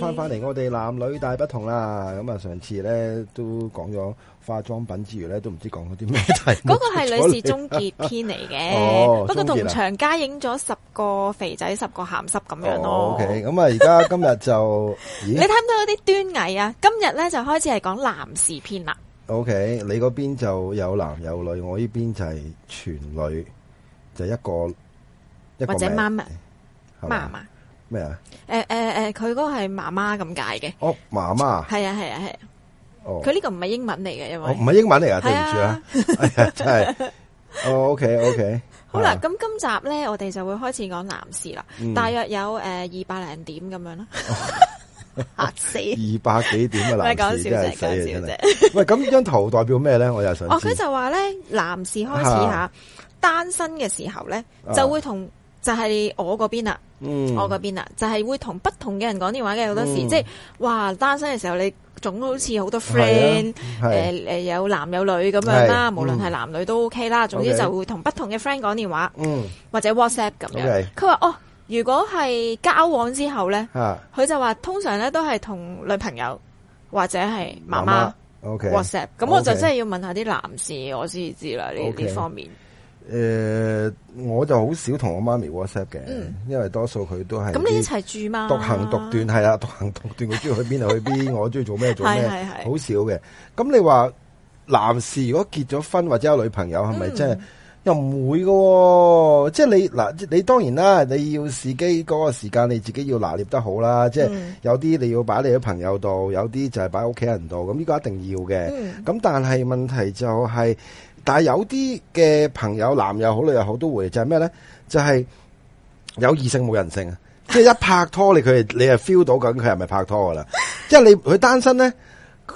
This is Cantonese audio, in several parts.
翻翻嚟，我哋男女大不同啦。咁啊，上次咧都講咗化妝品之餘咧，都唔知講咗啲咩題。嗰 個係女士終結篇嚟嘅， 哦、不過同場加映咗十個肥仔、十個鹹濕咁樣咯。O K，咁啊，而、okay, 家今日就 咦你睇唔到啲端倪啊！今日咧就開始係講男士篇啦。O、okay, K，你嗰邊就有男有女，我呢邊就係全女，就一個或者媽媽，媽媽。咩啊？誒誒誒，佢嗰個係媽媽咁解嘅。哦，媽媽。係啊係啊係。哦。佢呢個唔係英文嚟嘅，因為唔係英文嚟啊，對唔住啊。係。哦，OK OK。好啦，咁今集咧，我哋就會開始講男士啦，大約有誒二百零點咁樣咯。吓死！二百幾點啊？男士真係死啊真係。喂，咁張圖代表咩咧？我又想。哦，佢就話咧，男士開始吓單身嘅時候咧，就會同。就係我邊邊啦，我邊邊啦，就係會同不同嘅人講電話嘅好多時，即係哇單身嘅時候，你總好似好多 friend，誒誒有男有女咁樣啦，無論係男女都 OK 啦。總之就會同不同嘅 friend 講電話，或者 WhatsApp 咁樣。佢話哦，如果係交往之後咧，佢就話通常咧都係同女朋友或者係媽媽 OK WhatsApp。咁我就真係要問下啲男士，我先知啦呢啲方面。誒、呃，我就好少同我媽咪 WhatsApp 嘅，嗯、因為多數佢都係咁、嗯、你一齊住嘛，獨行獨斷，係啦，獨行獨斷佢中意去邊就去邊，我中意 做咩做咩，係係係，好少嘅。咁你話男士如果結咗婚或者有女朋友，係咪真係、嗯、又唔會噶、哦？即係你嗱，你當然啦，你要自己嗰個時間你自己要拿捏得好啦。嗯、即係有啲你要擺你嘅朋友度，有啲就係擺屋企人度。咁呢個一定要嘅。咁、嗯、但係問題就係、是。但係有啲嘅朋友，男又好，女又好，都會就係咩咧？就係有異性冇人性啊！即係一拍拖你佢，你係 feel 到緊佢係咪拍拖噶啦？即係你佢單身咧，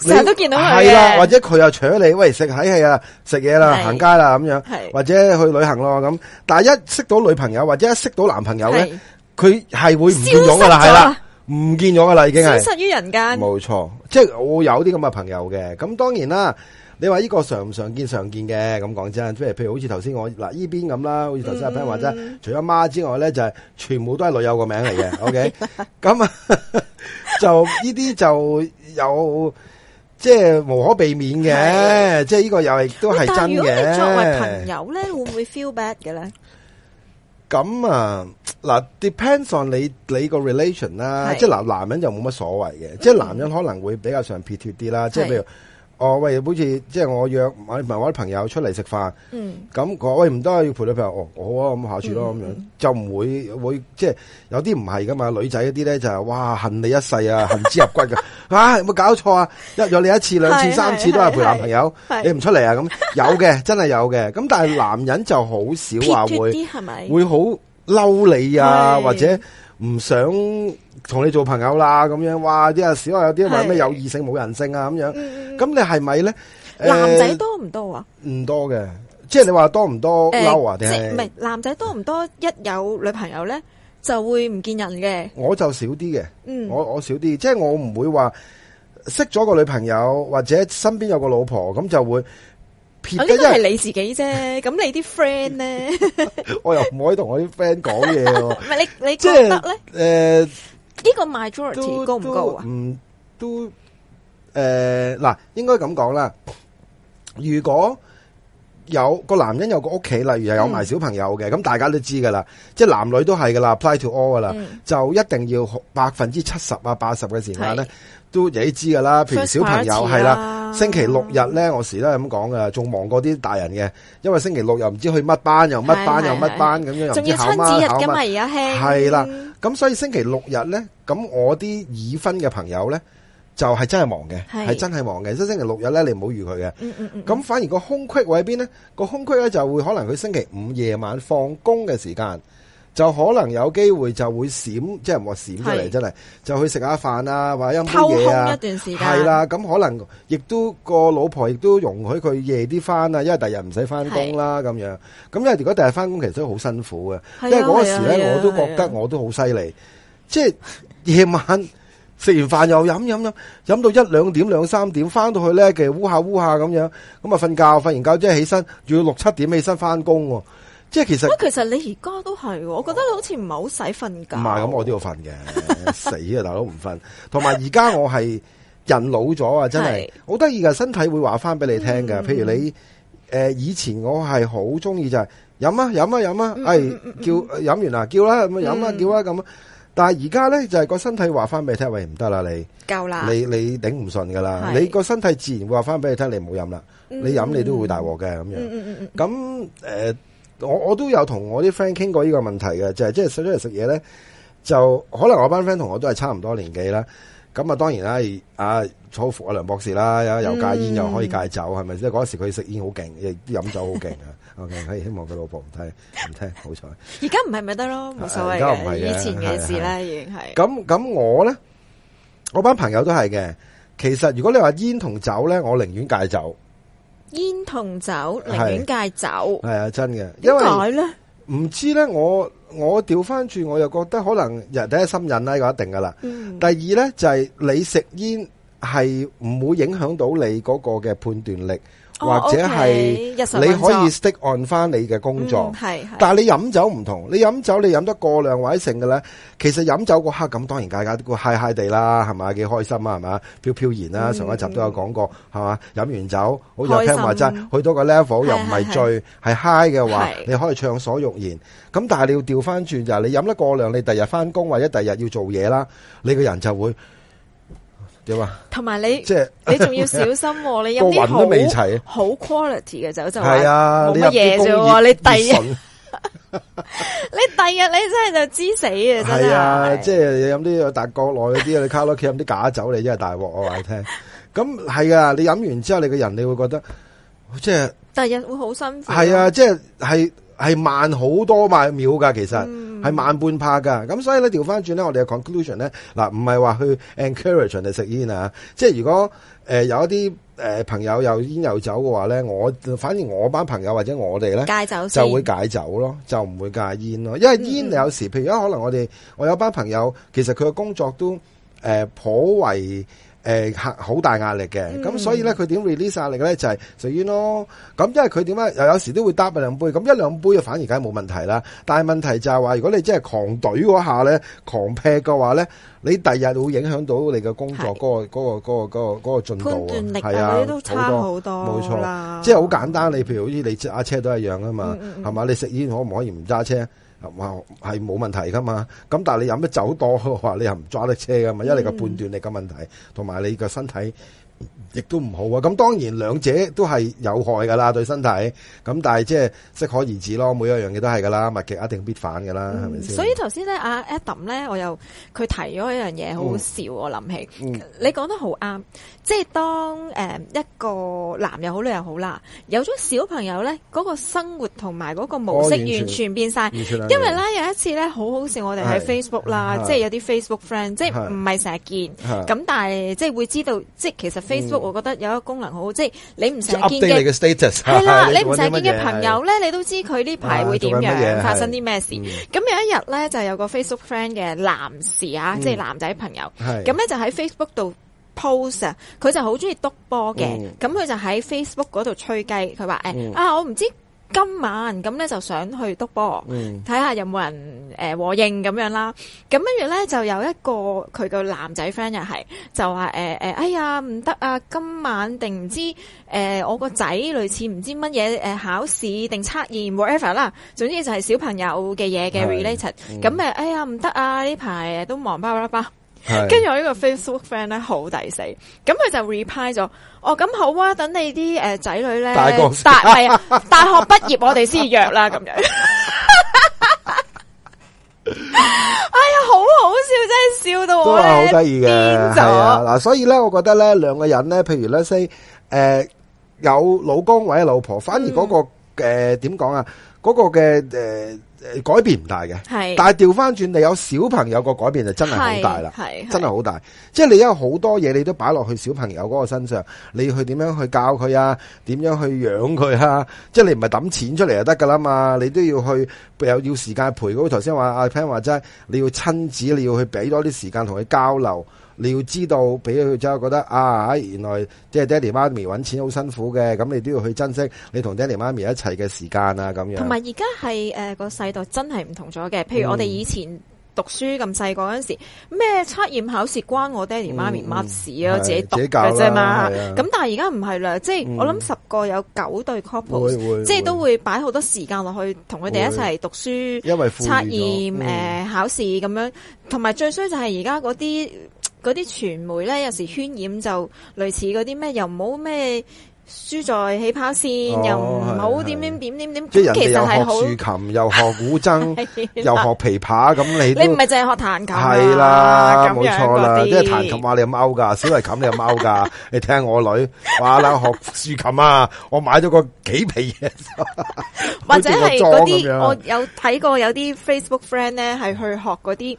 成日都見到佢係啦，或者佢又請你喂食，係係啊，食嘢啦，行街啦咁樣，或者去旅行咯咁。但係一識到女朋友或者一識到男朋友咧，佢係會唔見咗噶啦，係啦，唔見咗噶啦，已經係消失於人間。冇錯，即係我有啲咁嘅朋友嘅。咁當然啦。你話呢個常唔常見常見嘅咁講真，即係譬如好似頭先我嗱依邊咁啦，好似頭先阿斌話齋，除咗阿媽之外咧，就係全部都係女友個名嚟嘅。OK，咁啊，就呢啲就有即係無可避免嘅，即係呢個又係都係真嘅。但係如果你作為朋友咧，會唔會 feel bad 嘅咧？咁啊，嗱，depends on 你你個 relation 啦，即係男男人就冇乜所謂嘅，即係男人可能會比較上撇脱啲啦，即係譬如。哦，喂，好似即係我約埋我啲朋友出嚟食飯，咁我、嗯、喂唔得，要陪女朋友。哦，好啊，咁下次咯，咁樣、嗯、就唔會會即係有啲唔係噶嘛。女仔嗰啲咧就係、是、哇，恨你一世啊，恨之入骨噶啊，有冇搞錯啊？約咗你一次、兩次、 三次都係陪男朋友， 你唔出嚟啊？咁有嘅，真係有嘅，咁但係男人就好少話會係咪會好嬲你啊，是 或者。唔想同你做朋友啦，咁樣哇！啲啊少啊，是有啲話咩有異性冇人性啊，咁樣。咁、嗯、你係咪咧？男仔多唔多啊？唔、呃、多嘅，即係你話多唔多嬲啊？定係唔係？是男仔多唔多？一有女朋友咧，就會唔見人嘅。我就少啲嘅。嗯，我我少啲，即係我唔會話識咗個女朋友或者身邊有個老婆咁就會。呢係你自己啫，咁 你啲 friend 咧， 我又唔可以同我啲 friend 講嘢喎。唔係你你覺得咧？誒、就是，呢、呃、個 majority 都高唔高啊、嗯？都誒，嗱、呃，應該咁講啦。如果有個男人有個屋企，例如有埋小朋友嘅，咁、嗯、大家都知噶啦。即係男女都係噶啦，apply to all 噶啦，嗯、就一定要百分之七十啊八十嘅時間咧，是 都你知噶啦。譬如小朋友係啦。星期六日咧，我時都係咁講噶，仲忙過啲大人嘅，因為星期六又唔知去乜班，又乜班是是是又乜班咁樣，是是又唔知考乜，仲有親子日噶嘛，而家輕。係啦，咁所以星期六日咧，咁我啲已婚嘅朋友咧，就係、是、真係忙嘅，係是真係忙嘅。即係星期六日咧，你唔好預佢嘅。咁、嗯嗯嗯、反而個空隙位喺邊咧？個空隙咧就會可能佢星期五夜晚放工嘅時間。就可能有機會就會閃，即係話閃出嚟，真係就去食下飯啊，或飲杯嘢啊，一段時間係啦。咁可能亦都個老婆亦都容許佢夜啲返啊，因為第日唔使返工啦。咁樣，咁因為如果第日返工其實都好辛苦嘅，因為嗰時咧我都覺得我都好犀利，即係夜晚食完飯又飲飲飲，飲到一兩點兩三點，返到去咧其實烏下烏下咁樣，咁啊，瞓覺，瞓完覺即係起身，仲要六七點起身返工喎。即係其實，其實你而家都係，我覺得你好似唔係好使瞓覺。唔係咁，我都要瞓嘅，死啊大佬唔瞓。同埋而家我係人老咗啊，真係好得意噶，身體會話翻俾你聽噶。譬如你誒，以前我係好中意就係飲啊飲啊飲啊，哎叫飲完啦，叫啦咁飲啊叫啦咁。啊但係而家咧就係個身體話翻俾你聽，喂唔得啦你，夠啦，你你頂唔順噶啦，你個身體自然會話翻俾你聽，你唔好飲啦，你飲你都會大鑊嘅咁樣。咁誒。我我都有同我啲 friend 傾過呢個問題嘅，就係即係細出嚟食嘢咧，就可能我班 friend 同我都係差唔多年紀啦。咁啊，當然啦，啊初服阿梁博士啦，又戒煙、嗯、又可以戒酒，係咪？即係嗰時佢食煙好勁，亦飲酒好勁啊。 OK，希望佢老婆唔聽唔聽，好彩。而家唔係咪得咯？冇所謂嘅，以前嘅事啦，已經係。咁咁來我咧，我班朋友都係嘅。其實如果你話煙同酒咧，我寧願戒酒。煙同酒寧願戒酒，係啊，真嘅。因為唔知呢，我我調翻轉，我又覺得可能人第一心癮咧，這個、一定噶啦。嗯、第二呢，就係、是、你食煙係唔會影響到你嗰個嘅判斷力。或者係你可以 stick on 翻你嘅工作，嗯、但你飲酒唔同，你飲酒你飲得過量或者剩嘅呢？其實飲酒嗰刻咁當然大家都嗨嗨地啦，係咪？幾開心啊，係咪？飄飄然啦，上一集都有講過，係嘛飲完酒，好似聽話齋，去到個 level 又唔係醉，係 high 嘅話，你可以暢所欲言。咁但係你要調翻轉就係你飲得過量，你第日翻工或者第日要做嘢啦，你個人就會。點啊！同埋你即係你仲要小心，你有啲都未齊好 quality 嘅酒就係啊，冇乜嘢啫喎！你第二日你第二日你真係就知死嘅，真係。係啊，即係飲啲但國內嗰啲你卡拉 OK 飲啲假酒，你真係大鑊我話你聽。咁係啊，你飲完之後你個人你會覺得即係第二日會好辛苦。係啊，即係係係慢好多嘛秒噶，其實。係慢半拍㗎，咁所以咧調翻轉咧，我哋嘅 conclusion 咧、啊，嗱唔係話去 encourage 人哋食煙啊，即係如果誒、呃、有一啲、呃、朋友又煙又酒嘅話咧，我反而我班朋友或者我哋咧戒酒就會戒酒咯，就唔會戒煙咯，因為煙你有時、嗯、譬如啊，可能我哋我有班朋友其實佢嘅工作都誒、呃、頗為。誒，吓好、呃、大壓力嘅，咁、嗯、所以咧佢點 release 壓力咧就係食煙咯。咁、so、you know, 因為佢點解，又有時都會搭一兩杯，咁一兩杯啊反而梗係冇問題啦。但係問題就係話，如果你真係狂隊嗰下咧，狂劈嘅話咧，你第日會影響到你嘅工作嗰、嗰個嗰是、嗰個嗰、嗰個嗰、嗰個進度啊，係啊，都差好多，冇錯。了即係好簡單，你譬如好似你揸車都一樣啊嘛，係嘛、嗯嗯？你食煙可唔可以唔揸車？冇，係冇問題㗎嘛，咁但你飲得酒多嘅話，你又唔揸得車㗎嘛，因為你個判斷力嘅問題，同埋你個身體。亦都唔好啊！咁當然兩者都係有害噶啦，對身體，咁但係即係適可而止咯，每一樣嘢都係噶啦，物極一定必反噶啦，係咪先？是是所以頭先咧，阿 Adam 咧，我又佢提咗一樣嘢，好好笑，嗯、我諗起。嗯、你講得好啱，即係當誒一個男又好，好，女又好啦，有咗小朋友咧，嗰個生活同埋個模式完全變晒，哦、因為咧，有一次咧，好好笑，我哋喺 Facebook 啦，即係有啲 Facebook friend，是即係唔係成日見，咁是但係即係會知道，即係其實 Facebook、嗯。我覺得有一個功能好好，即係你唔常見嘅，啦的，你唔常見嘅朋友咧，的你都知佢呢排會點樣、啊、發生啲咩事。咁的有一日咧，就有個 Facebook friend 嘅男士啊，嗯、即係男仔朋友，咁咧的就喺 Facebook 度 post 啊，佢、嗯、就好中意篤波嘅，咁佢就喺 Facebook 嗰度吹雞，佢話、嗯、啊，我唔知。今晚咁咧就想去督波，睇下、嗯、有冇人、呃、和應咁樣啦。咁跟住咧就有一個佢個男仔 friend 又係就話、呃呃、哎呀唔得啊！今晚定唔知誒我個仔類似唔知乜嘢、呃、考試定測驗 whatever 啦。總之就係小朋友嘅嘢嘅 related。咁、嗯、誒，哎呀唔得啊！呢排都忙巴啦巴。跟住我呢個 Facebook friend 咧好抵死，咁佢就 reply 咗，哦咁好啊，等你啲誒仔女咧大，係啊，大學畢業我哋先約啦咁樣。哎呀，好好笑，真係笑到我好得意嘅，係啊嗱，所以咧，我覺得咧，兩個人咧，譬如咧，先誒有老公或者老婆，反而嗰個誒點講啊，嗰個嘅誒。改變唔大嘅，係是，但係調翻轉，你有小朋友個改變就真係好大啦，係，真係好大，即係你有好多嘢你都擺落去小朋友嗰個身上，你要去點樣去教佢啊？點樣去養佢啊？即係你唔係抌錢出嚟就得噶啦嘛？你都要去有要時間陪佢，頭先話阿 Pan 話齋，你要親子，你要去俾多啲時間同佢交流。你要知道俾佢之後覺得啊，原來即係爹哋媽咪揾錢好辛苦嘅，咁你都要去珍惜你同爹哋媽咪一齊嘅時間啊咁樣。同埋而家係誒個世代真係唔同咗嘅，譬如我哋以前讀書咁細個嗰陣時，咩、嗯、測驗考試關我爹哋媽咪乜事啊？自己讀嘅啫嘛。咁、啊、但係而家唔係啦，即係、嗯、我諗十個有九對 couple，即係都會擺好多時間落去同佢哋一齊讀書，因為測驗、嗯、考試咁樣。同埋最衰就係而家嗰啲。嗰啲傳媒咧，有時渲染就類似嗰啲咩，又冇咩輸在起跑線，哦、又唔好點點點點點。即係又學豎琴，又學古箏， 的又學琵琶，咁你你唔係淨係學彈琴？係啦，冇錯啦，即係彈琴話你又貓噶，小提琴你又貓噶。 你聽，聽我女，話啦學豎琴啊！我買咗個幾皮嘢， 或者係嗰啲我有睇過有些，有啲 Facebook friend 咧係去學嗰啲。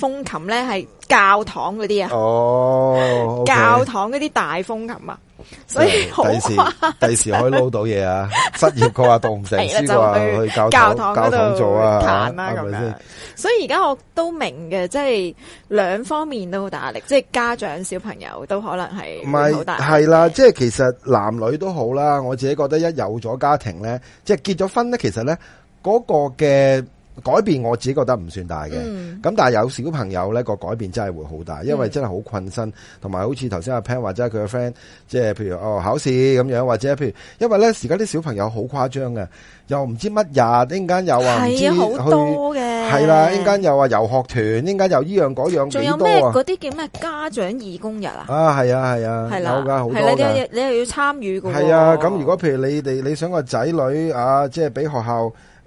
風琴咧係教堂嗰啲啊，哦、oh, okay，教堂嗰啲大風琴啊，所以好啊，第時可以撈到嘢啊，失業嘅話讀唔成書啊， 哎、去教教堂做啊，係咪樣吧？所以而家我都明嘅，即係兩方面都好大壓力，即係家長小朋友都可能係唔係好大，係啦，即係其實男女都好啦，我自己覺得一有咗家庭咧，即係結咗婚咧，其實咧嗰個嘅。改變我自己覺得唔算大嘅，咁、嗯、但係有小朋友咧個改變真係會好大，因為真係、嗯、好困身，同埋好似頭先阿 Pan 或者佢個 friend，即係譬如哦考試咁樣，或者譬如，因為咧而家啲小朋友好誇張嘅，又唔知乜日，一陣間又話係啊好多嘅、啊，係啦，一陣間又話遊學團，一陣間又依樣嗰樣，仲有咩嗰啲叫咩家長義工日啊？啊係啊係啊，係啦、啊，好、啊、多你，你又要參與噶。係啊，咁如果譬如你哋你想個仔女啊，即係俾學校。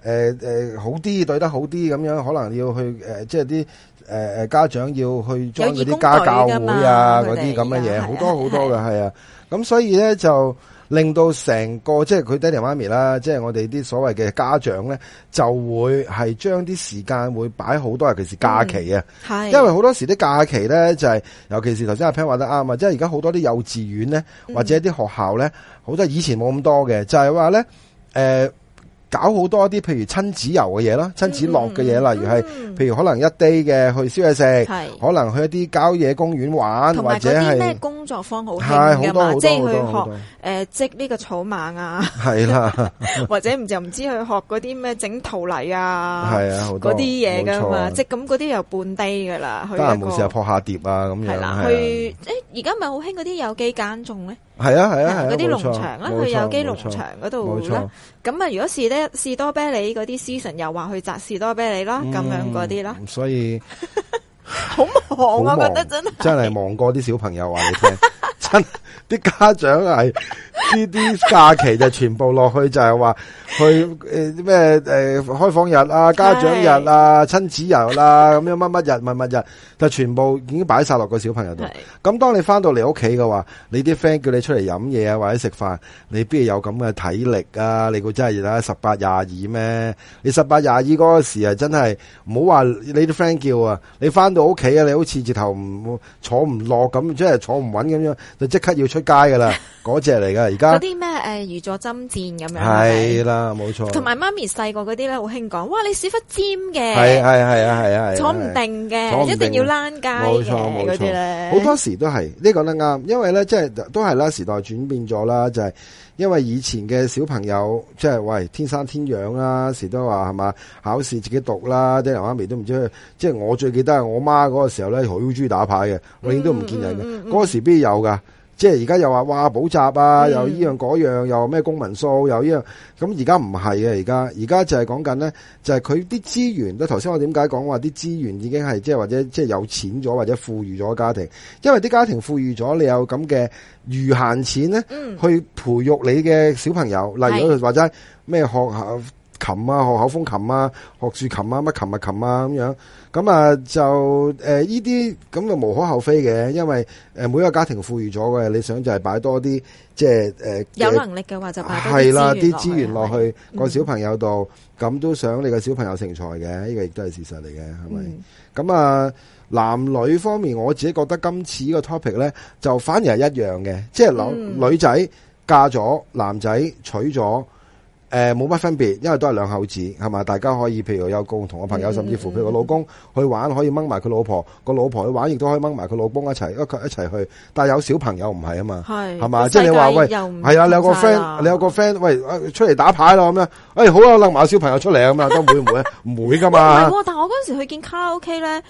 誒誒、呃，好啲對得好啲咁樣，可能要去誒、呃，即係啲誒誒，家長要去 join 啲家教會啊，嗰啲咁嘅嘢，好多好多嘅係啊。咁呀所以咧就令到成個即係佢爹哋媽咪啦，即係我哋啲所謂嘅家長咧，就會係將啲時間會擺好多，嗯多就是，尤其是假期啊。係，因為好多時啲假期咧就係，尤其是頭先阿 pen 話得啱啊，即係而家好多啲幼稚園咧或者啲學校咧，好、嗯、多以前冇咁多嘅，就係話咧誒。呃搞好多啲譬如親子遊嘅嘢啦，親子樂嘅嘢，例如係譬如可能一 day 嘅去燒嘢食，可能去一啲郊野公園玩，或者係工作坊好興即係去學誒織呢個草蜢啊，係啦，或者唔就唔知去學嗰啲咩整陶泥啊，係啊，嗰啲嘢噶嘛，即咁嗰啲又半 day 㗎噶啦，去一個，都撲下碟啊咁樣，係啦，去誒而家咪好興嗰啲有記揀種咧。係啊係啊係，嗰啲農場啦，佢有機農場嗰度啦。咁啊，如果士得士多啤梨嗰啲 season 又話去摘士多啤梨啦，咁、嗯、樣嗰啲啦。所以好 忙啊，忙我覺得真係真係忙過啲小朋友話你聽。 啲 家長係呢啲假期就全部落去，就係話去誒咩誒開放日啊、家長日啊、親子遊啦、啊，咁樣乜乜日乜乜日，日，就全部已經擺晒落個小朋友度。咁 當你翻到嚟屋企嘅話，你啲 friend 叫你出嚟飲嘢啊，或者食飯，你邊有咁嘅體力啊？你估真係啦，十八廿二咩？你十八廿二嗰時啊，真係唔好話你啲 friend 叫啊，你翻到屋企啊，你好似直頭唔坐唔落咁，即係坐唔穩咁樣。就即刻要出街噶啦。嗰隻嚟噶，而家嗰啲咩誒，如坐針氈咁樣係啦，冇錯。同埋媽咪細個嗰啲咧，好興講，哇，你屎忽尖嘅，係係係啊係啊，坐唔定嘅，定的一定要躝街，冇錯冇錯咧。好多時都係呢、講得啱，因為咧即係都係啦，時代轉變咗啦，就係、是、因為以前嘅小朋友即係喂天生天養啦，時都話係嘛，考試自己讀啦，爹娘媽咪都唔知，即係我最記得係我媽嗰個時候咧，好中意打牌嘅，永遠都唔見人嘅，嗰、嗯嗯嗯、時必有噶？即係而家又話哇，補習啊，嗯、又呢樣嗰樣，又咩公民數，又呢樣。咁而家唔係啊，而家而家就係講緊咧，就係佢啲資源。咧頭先我點解講話啲資源已經係即係或者即係有錢咗，或者富裕咗家庭。因為啲家庭富裕咗，你有咁嘅馀閒錢咧，嗯、去培育你嘅小朋友。嗯、例如或者咩學校。琴啊，學口風琴啊，學豎琴啊，乜琴啊琴啊咁樣，咁啊就誒呢啲咁就無可厚非嘅，因為誒、呃、每個家庭富裕咗嘅，你想就係擺多啲即係誒有能力嘅話就擺係啦，啲資源落去個小朋友度，咁、嗯、都想你個小朋友成才嘅，呢個亦都係事實嚟嘅，係咪？咁、嗯、啊男女方面，我自己覺得今次個 topic 咧就反而係一樣嘅，嗯、即係女仔嫁咗，男仔娶咗。誒，冇乜、呃、分別，因為都係兩口子，係嘛？大家可以，譬如有共同嘅朋友，嗯、甚至乎，譬如個老公去玩，可以掹埋佢老婆；個老婆去玩，亦都可以掹埋佢老公一齊一齊一齊去。但係有小朋友唔係啊嘛，係嘛是？即係你話喂，係不啊，你有個 friend，、啊、你有個 friend，、啊、喂，出嚟打牌咯咁樣。誒、哎，好啊，掹埋小朋友出嚟咁樣，會唔會？唔 會噶嘛。唔係、啊，但我嗰陣時去見卡拉 OK 咧。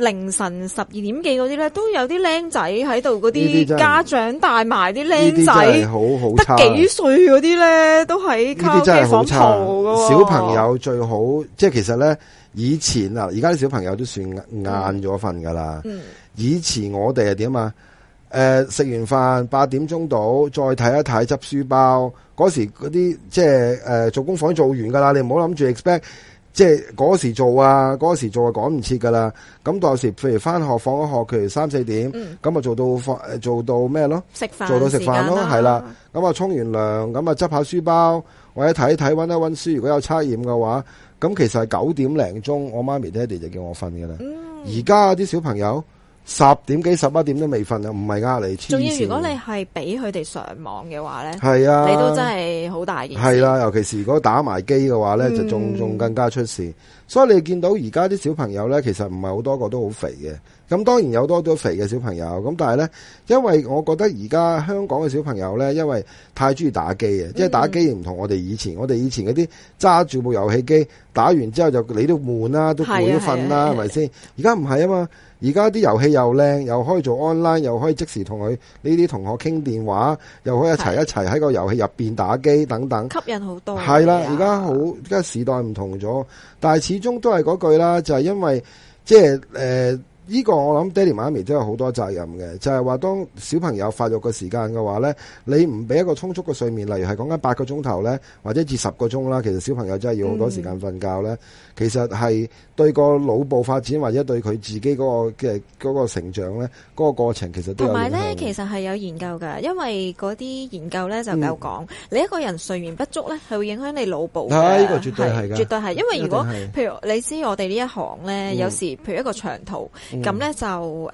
凌晨十二點幾嗰啲咧，都有啲僆仔喺度，嗰啲家長帶埋啲僆仔，真得幾歲嗰啲咧，都喺咖啡房好嘅。小朋友最好，即係其實咧，以前啊，而家啲小朋友都算晏咗瞓噶啦。嗯、以前我哋係點啊？食、呃、完飯八點鐘到，再睇一睇執書包。嗰時嗰啲即係、呃、做工房做完噶啦，你唔好諗住 expect。即係嗰時做啊，嗰時做啊，趕唔切噶啦。咁到時譬如返學放咗學，譬如三四點，咁啊、嗯、做到，做到咩咯？食飯，做到食飯咯，係啦。咁啊沖完涼，咁啊執下書包，或者睇睇，溫一溫書。如果有測驗嘅話，咁其實係九點零鐘，我媽咪爹地就叫我瞓㗎啦。而家啲小朋友。十點幾，十一點都未瞓啊！唔係啊，嚟。仲要如果你係俾佢哋上網嘅話呢，係啊，你都真係好大件事。係啦、啊，尤其是如果打埋機嘅話呢，嗯、就仲仲更加出事。所以你見到而家啲小朋友呢，其實唔係好多個都好肥嘅。咁當然有多多肥嘅小朋友，咁但係呢，因為我覺得而家香港嘅小朋友呢，因為太中意打機啊。嗯、即係打機，唔同我哋以前，我哋以前嗰啲揸住部遊戲機打完之後就你都悶啦，都攰都瞓啦，係咪先？而家唔係啊嘛，而家啲遊戲又靚，又可以做 online，又可以即時同佢呢啲同學傾電話，又可以一齊一齊喺個遊戲入邊打機等等，的吸引多的的好多。係啦，而家好而家時代唔同咗，但係始終都係嗰句啦，就係、是、因為即係誒呢個我諗爹地媽咪都有好多責任嘅，就係話當小朋友發育嘅時間嘅話呢，你唔俾一個充足嘅睡眠，例如係講緊八個鐘頭呢，或者至十個鐘啦，其實小朋友真係要好多時間瞓覺呢。嗯、其實係對個腦部發展，或者對佢自己嗰個嘅嗰個成長呢，嗰個過程其實都同埋呢，其實係有研究㗎，因為嗰啲研究呢，就有講，嗯、你一個人睡眠不足呢，係會影響你腦部。啊。呢個絕對係嘅。絕對係，因為如果一定係，譬如你知我哋呢一行呢，嗯、有時譬如一個長途。嗯咁呢，就誒，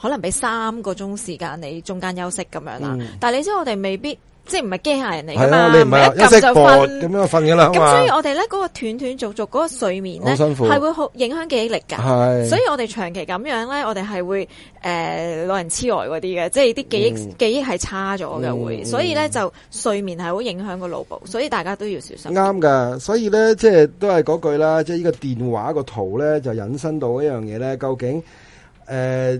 可能畀三個鐘時間你中間休息咁樣啦。但你知我哋未必，即係唔係機械人嚟㗎嘛？唔一撳就瞓，咁樣就瞓㗎啦。咁所以我哋呢嗰個斷斷續續嗰個睡眠呢，係會好影響記憶力㗎。係，所以我哋長期咁樣呢，我哋係會誒老人痴呆嗰啲嘅，即係啲記憶記憶係差咗嘅會。所以呢，就睡眠係好影響個腦部，所以大家都要小心。啱㗎，所以呢，即係都係嗰句啦，即係呢個電話個圖咧就引申到一樣嘢咧，究竟。誒、呃，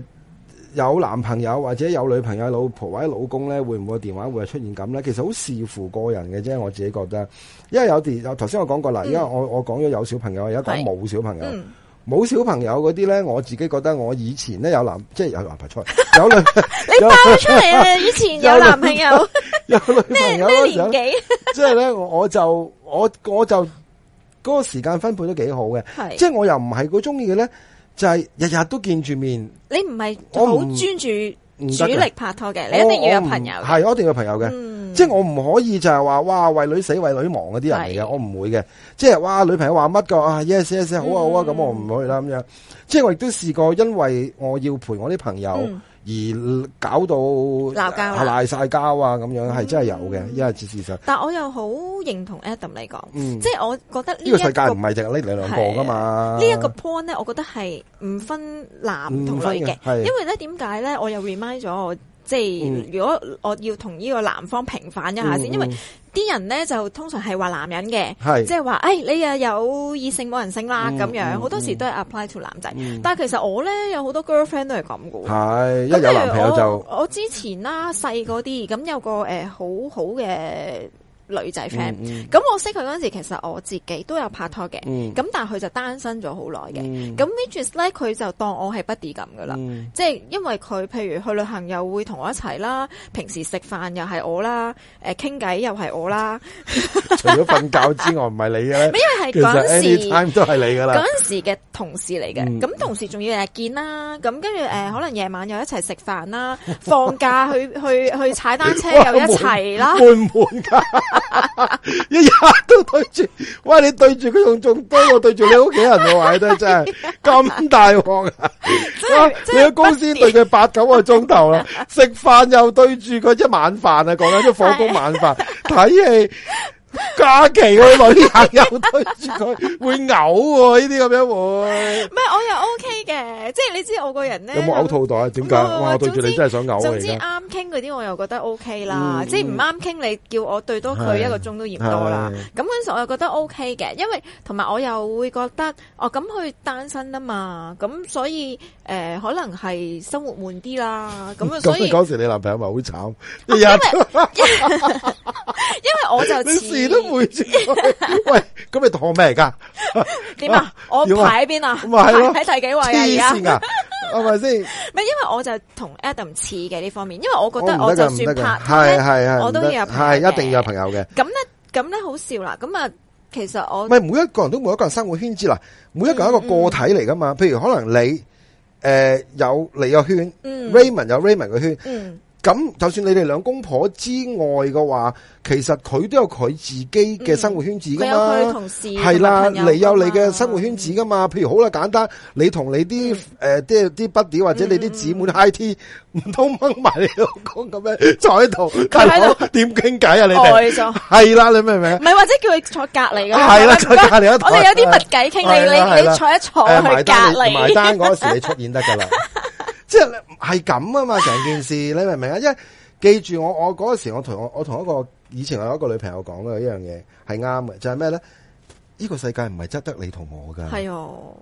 有男朋友或者有女朋友、老婆或者老公咧，會唔會電話會出現咁咧？其實好視乎個人嘅啫，即我自己覺得，因為有啲頭先我講過啦，因為我我講咗有小朋友，而家講冇小朋友，冇、嗯、小朋友嗰啲咧，我自己覺得我以前咧有男，即係有男朋友出，有女， 有女你帶出嚟啊！ 以前有男朋友，有女朋友，咩年紀？即係咧，我就我我就嗰個時間分配咗幾好嘅，是即係我又唔係好中意嘅咧。就係日日都見住面，你唔係好專注主力拍拖嘅，你一定要有朋友。係，我一定要有朋友嘅，嗯、即係我唔可以就係話哇為女死為女亡嗰啲人嚟嘅，我唔會嘅。即係哇女朋友話乜噶啊 yes yes 好啊、嗯、好啊，咁我唔去啦咁樣。即係我亦都試過，因為我要陪我啲朋友。嗯而搞到鬧交，呃、啊，賴晒交啊！咁樣係真係有嘅，因為事實。但我又好認同 Adam 嚟講，嗯、即係我覺得呢個，個世界唔係淨係呢兩兩個㗎嘛是。呢一的個 point 咧，我覺得係唔分男同女嘅，嗯、因為咧點解咧？我又 remind 咗我。即係如果我要同呢個男方平反一下先，嗯嗯、因為啲人咧就通常係話男人嘅，即係話誒你啊有異性冇人性啦咁、嗯嗯、樣，好多時都係 apply to 男仔。嗯、但係其實我咧有好多 girlfriend 都係咁嘅。係是於一有男朋友就我，我之前啦細嗰啲，咁有個誒、呃、好好嘅。女仔 friend，咁我識佢嗰陣時，其實我自己都有拍拖嘅，咁但係佢就單身咗好耐嘅。咁 Wendy 咧，佢就當我係 buddy 咁噶啦，即係因為佢，譬如去旅行又會同我一齊啦，平時食飯又係我啦，誒傾偈又係我啦。除咗瞓覺之外，唔係你啊？咩？因為係嗰陣時，anytime 都係你噶啦。嗰陣時嘅同事嚟嘅，咁同時仲要日日見啦。咁跟住誒，可能夜晚又一齊食飯啦，放假去去去踩單車又一齊啦，悶悶噶。一日都對住，喂，你對住佢仲仲多過對住你屋企人，我話你真係咁大鑊啊！你個公司對佢八九個鐘頭啦，食飯又對住佢一晚飯啊，講緊啲火鍋晚飯，睇戲假期去旅行又對住佢，會嘔喎！呢啲咁樣會，唔係我又 OK 嘅，即係你知我個人咧，有冇嘔吐袋？點解？我對住你真係想嘔啊！而家。傾嗰啲我又覺得 O、OK、K 啦，嗯、即係唔啱傾，你叫我對多佢一個鐘都嫌多啦。咁嗰時我又覺得 O K 嘅，因為同埋我又會覺得哦，咁佢單身啊嘛，咁所以誒、呃、可能係生活悶啲啦。咁所以嗰時你男朋友咪好慘，因為我就時都會做。喂，咁你當咩嚟噶？點啊？我排喺邊啊？咪喺說第幾位啊而家，啊？黐線噶！係咪先？唔係，因為我就同 Adam 似嘅呢方面，因為我覺得、oh, 我就算拍，係係係，我都要係行一定要有朋友嘅。咁咧，咁咧好笑啦。咁啊，其實我唔係每一個人都每一個人生活圈子啦，每一個人一個個體嚟噶嘛。嗯嗯、譬如可能你誒、呃、有你個圈，Raymond 有 Raymond 嘅圈。嗯咁就算你哋兩公婆之外嘅話，其實佢都有佢自己嘅生活圈子噶嘛。係啦，你有你嘅生活圈子噶嘛？譬如好啦，簡單，你同你啲誒，即係啲 buddies 或者你啲姊妹，I T，唔通掹埋你老公咁樣坐喺度，係點傾偈啊？你係啦，你明唔明？唔係，或者叫佢坐隔籬嘅。係啦，坐隔籬。我哋有啲密偈傾，你你你坐一坐喺隔籬。埋單嗰時你出現得噶啦。即係係咁啊嘛，成件事你明唔明啊？因為記住我我嗰時我同我我同一個以前我有一個女朋友講嘅呢樣嘢係啱嘅，就係咩咧？呢個世界唔係只得你同我噶。係哦，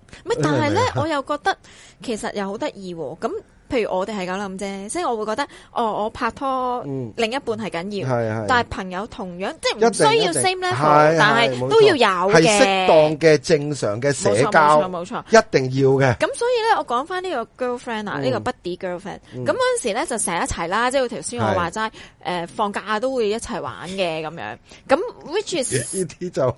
但係咧我又覺得其實又好得意喎，咁。譬如我哋係咁諗啫，所以我會覺得，哦，我拍拖另一半係緊要，但係朋友同樣即係唔需要 same level，但係都要有嘅，係適當嘅正常嘅社交，冇錯冇錯，一定要嘅。咁所以咧，我講翻呢個 girlfriend 啊，呢個 buddy girlfriend，咁嗰陣時咧就成日一齊啦，即係頭先我話齋，誒放假都會一齊玩嘅咁樣，咁 which is 呢啲就。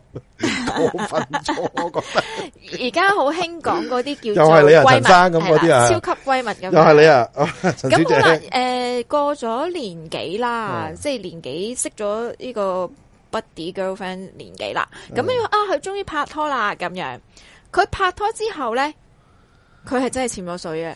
五分鐘，我覺得而家好興講嗰啲叫做閨蜜係啦，超級閨蜜咁。又係你啊，陳、哦、小姐。咁好啦誒、呃、過咗年幾啦，嗯、即係年幾識咗呢個 buddy girlfriend 年幾啦。咁、嗯、樣因為啊，佢終於拍拖啦。咁樣，佢拍拖之後咧，佢係真係潛咗水嘅。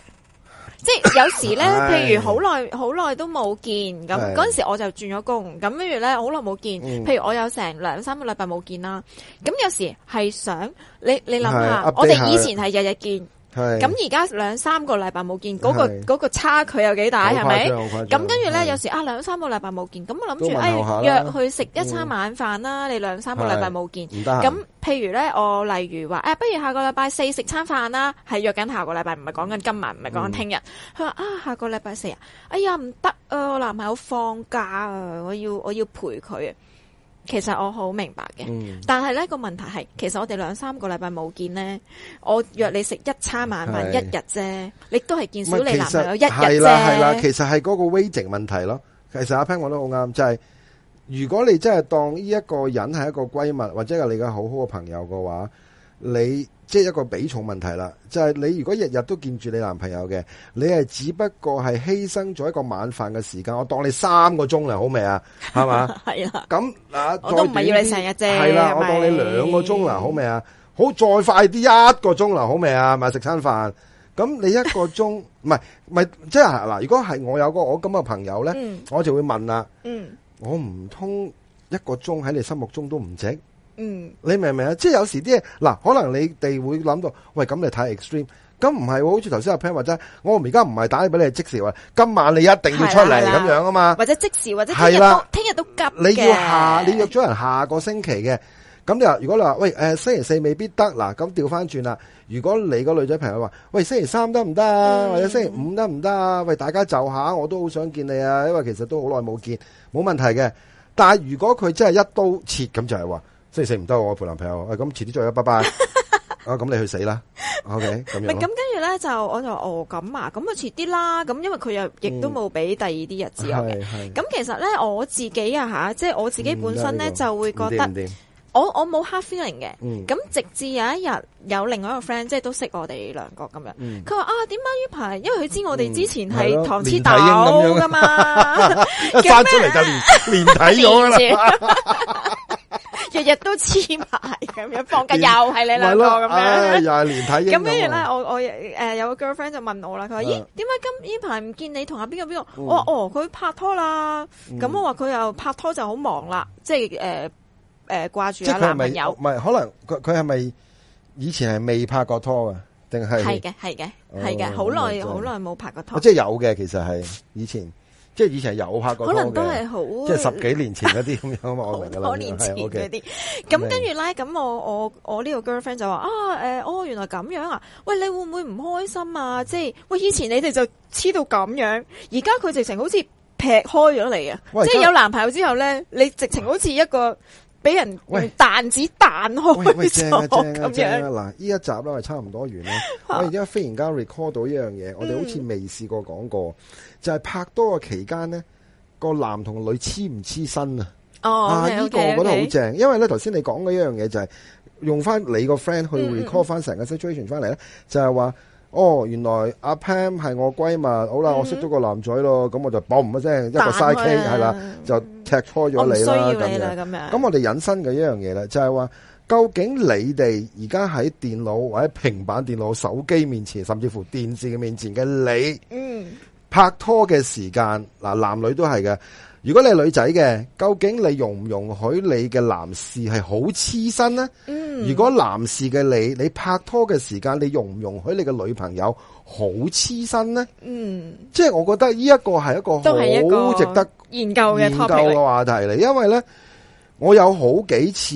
即係有時咧，譬如好耐好耐都冇見咁，嗰陣時我就轉咗工咁，跟住咧好耐冇見。嗯、譬如我有成兩三個禮拜冇見啦，咁有時係想你你諗下，是我哋以前係日日見。咁而家兩三個禮拜冇見，嗰、嗰個嗰是個差距有幾大係咪？咁跟住咧，有時啊兩三個禮拜冇見，咁我諗住誒，約去食一餐晚飯啦。嗯、你兩三個禮拜冇見，咁譬如咧，我例如話誒、哎，不如下個禮拜四食餐飯啦，係約緊下個禮拜，唔係講緊今晚，唔係講緊聽日。佢話、嗯、啊下個禮拜四啊，哎呀唔得啊，我男朋友放假啊，我要我要陪佢。其實我好明白嘅，嗯、但係呢、呢個問題係，其實我哋兩三個禮拜冇見呢。我約你食一餐晚飯一日啫，的你都係見少你男朋友一日啫。係啦係啦，其實係嗰個威靜問題咯。其實阿 Pen 講得好啱，就係、是、如果你真係當呢一個人係一個閨蜜或者係你嘅，好好嘅朋友嘅話，你。即係一個比重問題啦，就係你如果日日都見住你男朋友嘅，你係只不過係犧牲咗一個晚飯嘅時間，我當你三個鐘啦，好未啊？係嘛？係啦。咁啊，我都唔係要你成日啫。係啦，我當你兩個鐘啦，好未啊？好，再快啲一個鐘啦，好未啊？係咪食餐飯？咁你一個鐘，唔係唔係，即係嗱，如果係我有個我咁嘅朋友咧，我就會問啦。嗯，我唔通一個鐘喺你心目中都唔值？嗯，你明唔明啊？即係有時啲嘢，嗱，可能你哋會諗到，喂，咁你睇 Extreme，咁唔係，好似頭先阿 Pan 或者我而家唔係打電話俾你即時話，今晚你一定要出嚟咁樣啊嘛，或者即時或者係啦聽日都急。你要下，你要約咗人下個星期嘅，咁你話如果你話，喂，誒、呃，星期四未必得，嗱，咁調翻轉啦。如果你個女仔朋友話，喂，星期三得唔得啊？嗯、或者星期五得唔得啊？喂，大家就下，我都好想見你啊，因為其實都好耐冇見，冇問題嘅。但係如果佢真係一刀切咁，就係、是、話。即係食唔得，我陪男朋友。咁遲啲再啦，拜拜。咁、 啊、你去死啦。OK，咁樣。咁跟住咧就我就哦咁啊，咁啊遲啲啦。咁因為佢又亦都冇俾第二啲日子。咁其實咧我自己啊吓，即係我自己本身咧就會覺得，嗯這個、我我冇 hard feeling 嘅。咁、嗯、直至有一日有另外一個 friend，即係都識我哋兩個咁樣，佢話、嗯、啊點解呢排？因為佢知我哋之前係糖黐豆噶嘛，翻、嗯啊、 出嚟就聯睇咗啦。 日日 都黐埋咁樣，放假又係你兩個咁樣，又係連體。咁跟住咧，我我誒、呃、有個 girlfriend 就問我啦，佢話、啊、咦，點解今呢排唔見你同阿邊個邊個？誰誰嗯、我話哦，佢拍拖啦。咁、嗯、我話佢又拍拖就好忙啦，即係誒誒掛住個男朋友。唔係可能佢佢係咪以前係未拍過過拖噶？定係係嘅係嘅係嘅，好耐好耐冇拍過拖。即係有嘅，其實係以前。即係以前有拍過拖嘅，可能都係好，即係十幾年前嗰啲咁樣嘛，我明噶啦，係啲。咁跟住咧，咁、okay、我我我呢個 girlfriend 就話啊，誒、呃，我、哦、原來咁樣啊，喂，你會唔會唔開心啊？即係喂，以前你哋就黐到咁樣，而家佢直情好似劈開咗你啊！喂即係有男朋友之後咧，你直情好似一個。俾人彈子彈開，正啊正啊正啊！嗱、啊，呢一集咧係差唔多完啦。 我而家忽然間 record 到一樣嘢，我哋好似未試過講過，嗯、就係拍拖嘅期間呢，個男同女黐唔黐身、哦、啊？哦，好嘅。啊，呢個我覺得好正，okay, okay 因為咧，頭先你講嘅一樣嘢就係、是、用翻你個 friend 去 record 翻成個 situation 翻嚟咧，嗯、就係話。哦，原來阿 Pam 係我閨蜜，好啦，嗯、哼我識咗個男仔咯，咁我就嘣一聲一個 size K 係啦，就踢拖咗你啦咁樣。咁天我哋引申嘅一樣嘢咧，就係、是、話，究竟你哋而家喺電腦或者平板電腦、手機面前，甚至乎電視嘅面前嘅你，嗯，拍拖嘅時間，嗱，男女都係嘅。如果你係女仔嘅，究竟你容唔容許你嘅男士係好黐身呢？嗯、如果男士嘅你，你拍拖嘅時間，你容唔容許你嘅女朋友好黐身呢？嗯。即係我覺得呢一個係一個都係一個值得研究嘅研究嘅話題嚟，因為呢，我有好幾次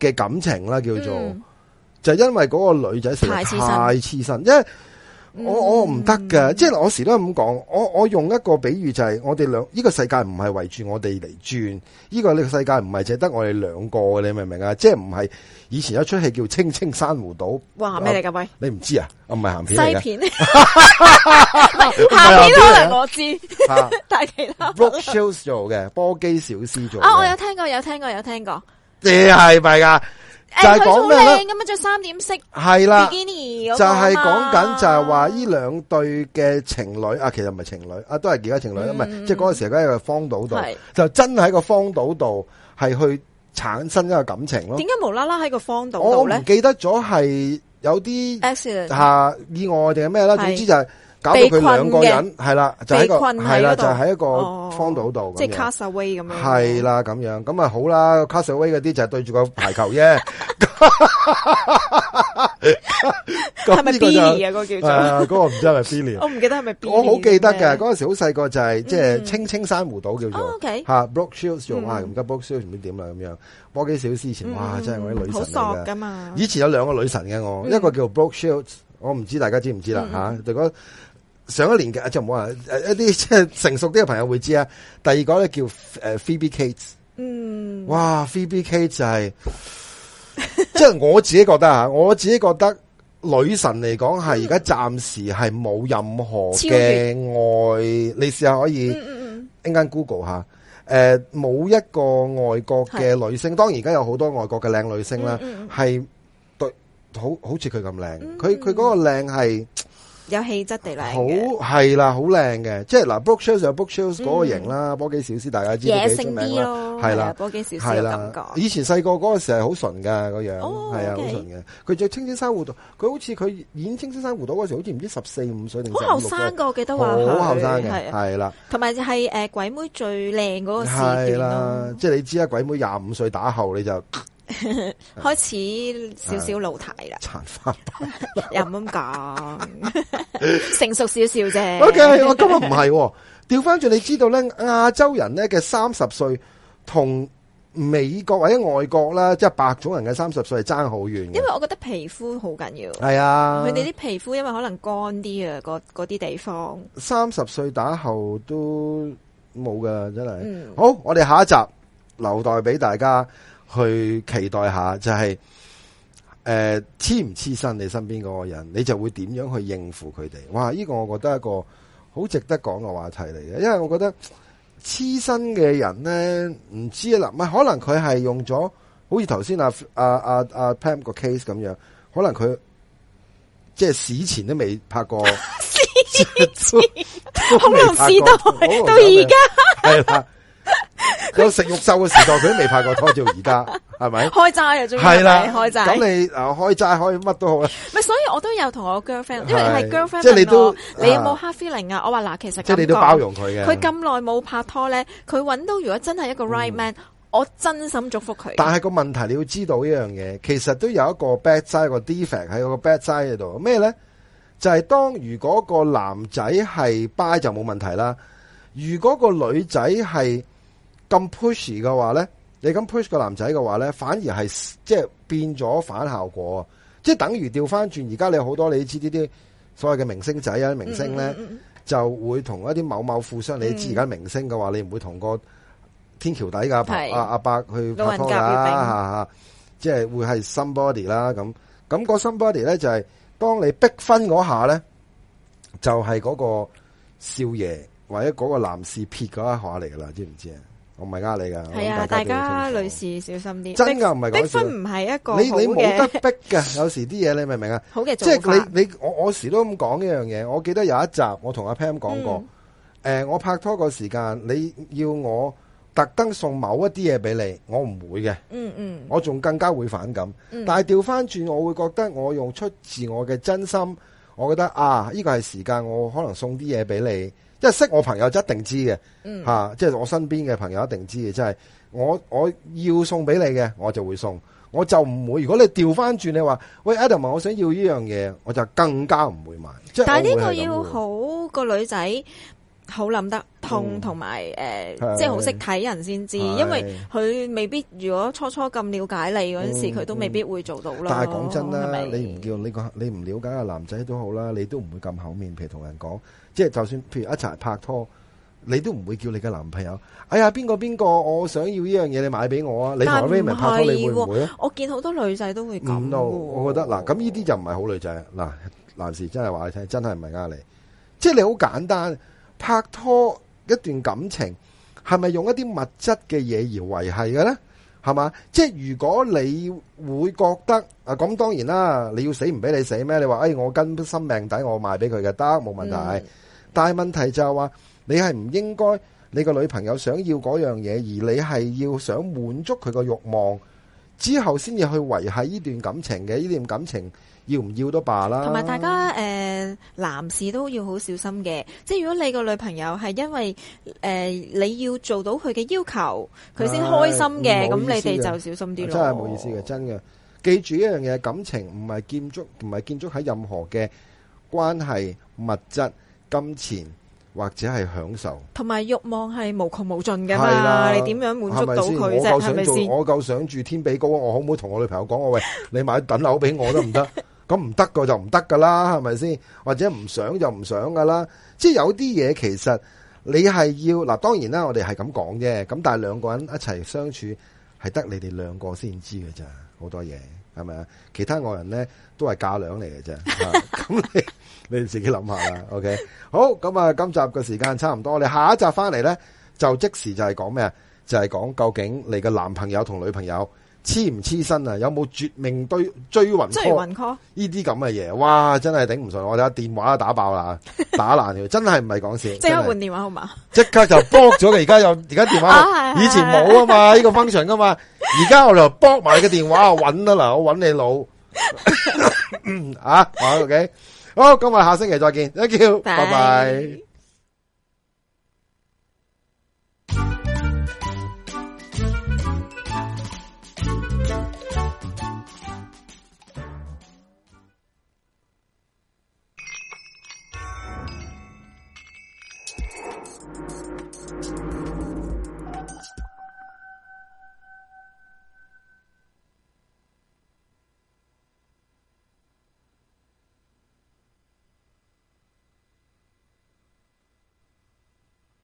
嘅感情啦，叫做、嗯、就因為嗰個女仔實在太黐身，.我我唔得噶，即係我時都係咁講，我我用一個比喻就係，我哋兩呢個世界唔係圍住我哋嚟轉，呢個呢個世界唔係淨得我哋兩個，你明唔明啊？即係唔係以前有一齣戲叫《青青珊瑚島》？哇，咩嚟噶喂？你唔知啊？唔係鹹片，西片，唔係鹹片可能我知，但係其他 Brooke Shields 做嘅，波姬小絲做。啊，我有聽過，有聽過，有聽過。耶，係咪啊？就係講咩咧？咁啊着三點式，係啦，啦就係講緊就係話呢兩對嘅情侶啊，其實唔係情侶啊，都係而家情侶啦，唔係即係嗰陣時而家喺個荒島度，是的 就真係喺個荒島度係去產生一個感情咯。點解無啦啦喺個荒島度咧？我唔記得咗係有啲意外定係咩啦？是的 總之就係、是。搞到佢兩個人係啦，就喺個係啦，就喺一個荒島度，即係 castaway 咁樣。係啦，咁樣咁啊好啦，castaway 嗰啲就對住個排球啫。係咪 Biany 啊？嗰個叫做嗰個唔知係咪 Biany 我唔記得係咪 Biany 我好記得嘅，嗰陣時好細個就係即係青青珊瑚島叫做。吓 Brooke Shields 做哇，而家 Brooke Shields 唔知點啦咁樣。波姬小絲以前哇，真係我啲女神嚟噶。好熟噶嘛。以前有兩個女神嘅我，一個叫 Brooke Shields 我唔知大家知唔知啦吓，上一年嘅啊，就唔好話誒，一啲即係成熟啲嘅朋友會知啊。第二個咧叫誒 Phoebe Cates，嗯哇，哇 Phoebe Cates 就係、是，即係 我自己覺得啊，我自己覺得女神嚟講係而家暫時係冇任何嘅愛，血你試下可以一下，嗯嗯陣間 Google 吓，誒，冇一個外國嘅女星，當然而家有好多外國嘅靚女星啦，係、嗯嗯嗯、對好好似佢咁靚，佢佢嗰個靚係。有氣質地嚟嘅，好係啦，好靚嘅，即係嗱，Brooke Shields 就 Brooke Shields 嗰個型啦，波姬小絲大家知野性啲囉。係啦，波姬小絲嘅感覺。以前細個嗰個時係好純㗎，嗰樣，係啊，好純嘅。佢着青青珊瑚島，佢好似佢演青青珊瑚島嗰時，好似唔知十四五歲定十六。好後生個，嘅都話係。好後生嘅，係啦。同埋就係誒鬼妹最靚嗰個時間咯，即係你知啦，鬼妹廿五歲打後你就。 開始少少老態啦，殘花 又唔咁講， 成熟少少啫。OK，我今日唔係調翻轉， 你知道咧亞洲人咧嘅三十歲同美國或者外國啦，即係白種人嘅三十歲係爭好遠嘅。因為我覺得皮膚好緊要，係啊，佢哋啲皮膚因為可能乾啲啊，嗰啲地方三十歲打後都冇噶，真係、嗯、好。我哋下一集留待俾大家。去期待下，就係、是、誒，黐唔黐身？你身邊嗰個人，你就會點樣去應付佢哋？哇！呢、這個我覺得係一個好值得講嘅話題嚟嘅，因為我覺得黐身嘅人咧，唔知啦，咪可能佢係用咗，好似頭先阿阿阿阿 Pam 個 case 咁樣，可能佢即係史前都未拍過，恐龍時代到而現家。 有食肉獸嘅時代，佢都未拍過拖，照而家係咪開齋啊？仲係啦，開齋咁你啊開齋開乜都好啊！咪所以我都有同我 girlfriend，因為係 girlfriend，即係你都你有冇 hard feeling 啊！我話嗱，其實即係你都包容佢嘅。佢咁耐冇拍拖咧，佢搵到如果真係一個 right man，我真心祝福佢。但係個問題，你要知道一樣嘢，其實都有一個 bad side，個 defect 喺個 bad side 度咩咧？就係當如果個男仔係 by 就冇問題啦，如果個女仔係。咁 push 嘅話咧，你咁 push 個男仔嘅話咧，反而係即係變咗反效果啊，即係等於調翻轉，而家你好多你知呢啲所謂嘅明星仔啊，明星咧、嗯、就會同一啲某某富商，你知而家明星嘅話，你唔會同個天橋底㗎阿，是、啊、阿伯去拍拖、啊、啦，吓吓，即、那、係、個、會係 somebody 啦，咁咁個 somebody 咧就係、是、幫你逼婚嗰下咧，就係、是、嗰個少爺或者嗰個男士撇嗰一下嚟噶啦，知唔知啊？我唔係呃你噶，係啊的，我大，家大家女士小心啲。真噶唔係講笑，分唔係一個你你冇得逼㗎。 有時啲嘢，你明唔明啊？好嘅做法。即係你你我我時都咁講呢樣嘢。我記得有一集我同阿 Pam 講過，誒、嗯呃，我拍拖個時間你要我特登送某一啲嘢俾你，我唔會嘅。嗯嗯，我仲更加會反感。嗯、但係調翻轉，我會覺得我用出自我嘅真心。我覺得啊，呢個係時間，我可能送啲嘢俾你。即係識我朋友就一定知嘅，吓，嗯，啊，即係我身邊嘅朋友一定知嘅。即係我我要送俾你嘅，我就會送，我就唔會。如果你調翻轉你話，喂 Adam，我想要呢樣嘢，我就更加唔會買。但係呢個要好個女仔。好諗得痛，同埋誒，呃、是即係好識睇人先知，是因為佢未必如果初初咁了解你嗰陣時，佢、嗯嗯、都未必會做到啦。但係講真啦，你唔叫你個，你唔了解個男仔都好啦，你都唔會咁厚面皮同人講。即係就算譬如一齊拍拖，你都唔會叫你嘅男朋友，哎呀邊個邊個，我想要呢樣嘢，你買俾我啊！你話咩咪拍拖，你會唔會？我見好多女仔都會咁咯、嗯，我覺得嗱，咁呢啲就唔係好女仔嗱，男士真係話你聽，真係唔係呃你，即係你好簡單。拍拖一段感情，係咪用一啲物質嘅嘢而維繫嘅呢？係嘛？即係如果你會覺得啊，咁當然啦，你要死唔俾你死咩？你話誒，哎，我跟心命底，我賣俾佢嘅得冇問題。嗯，但係問題就係話，你係唔應該你個女朋友想要嗰樣嘢，而你係要想滿足佢個欲望之後，先至去維繫呢段感情嘅呢段感情。要唔要都罷啦。同埋大家，誒，男士都要好小心嘅。即係如果你個女朋友係因為，誒，你要做到佢嘅要求，佢先開心嘅，咁你哋就小心啲咯。真係冇意思嘅，真嘅。記住一樣嘢，感情唔係建築，唔係建築喺任何嘅關係、物質、金錢或者係享受。同埋欲望係無窮無盡噶嘛？你點樣滿足到佢啫？我夠想住，我夠想住天比高。我可唔可以同我女朋友講：我喂，你買等樓俾我都唔得？咁唔得個就唔得噶啦，係咪先？或者唔想就唔想噶啦。即係有啲嘢其實你係要嗱，當然啦，我哋係咁講啫。咁但係兩個人一齊相處係得你哋兩個先知嘅咋，好多嘢係咪啊？其他外人咧都係嫁娘嚟嘅啫。咁你你自己諗下啦。OK，好咁啊，今集嘅時間差唔多，我哋下一集翻嚟咧就即時就係講咩啊？就係講究竟你嘅男朋友同女朋友。黐唔黐身啊？有冇絕命追魂追魂 call 呢啲咁嘅嘢？哇，真係頂唔順我哋下電話都打爆啦， 打爛條，真係唔係講笑，即刻換電話好嘛？即刻就 block 咗嘅，而家又而家電話，以前冇啊嘛，呢個 function 噶嘛，而家我就 block 埋個電話，揾啦嗱，我揾你老 啊，啊，OK，好，今日下星期再見，Thank you Bye 拜拜。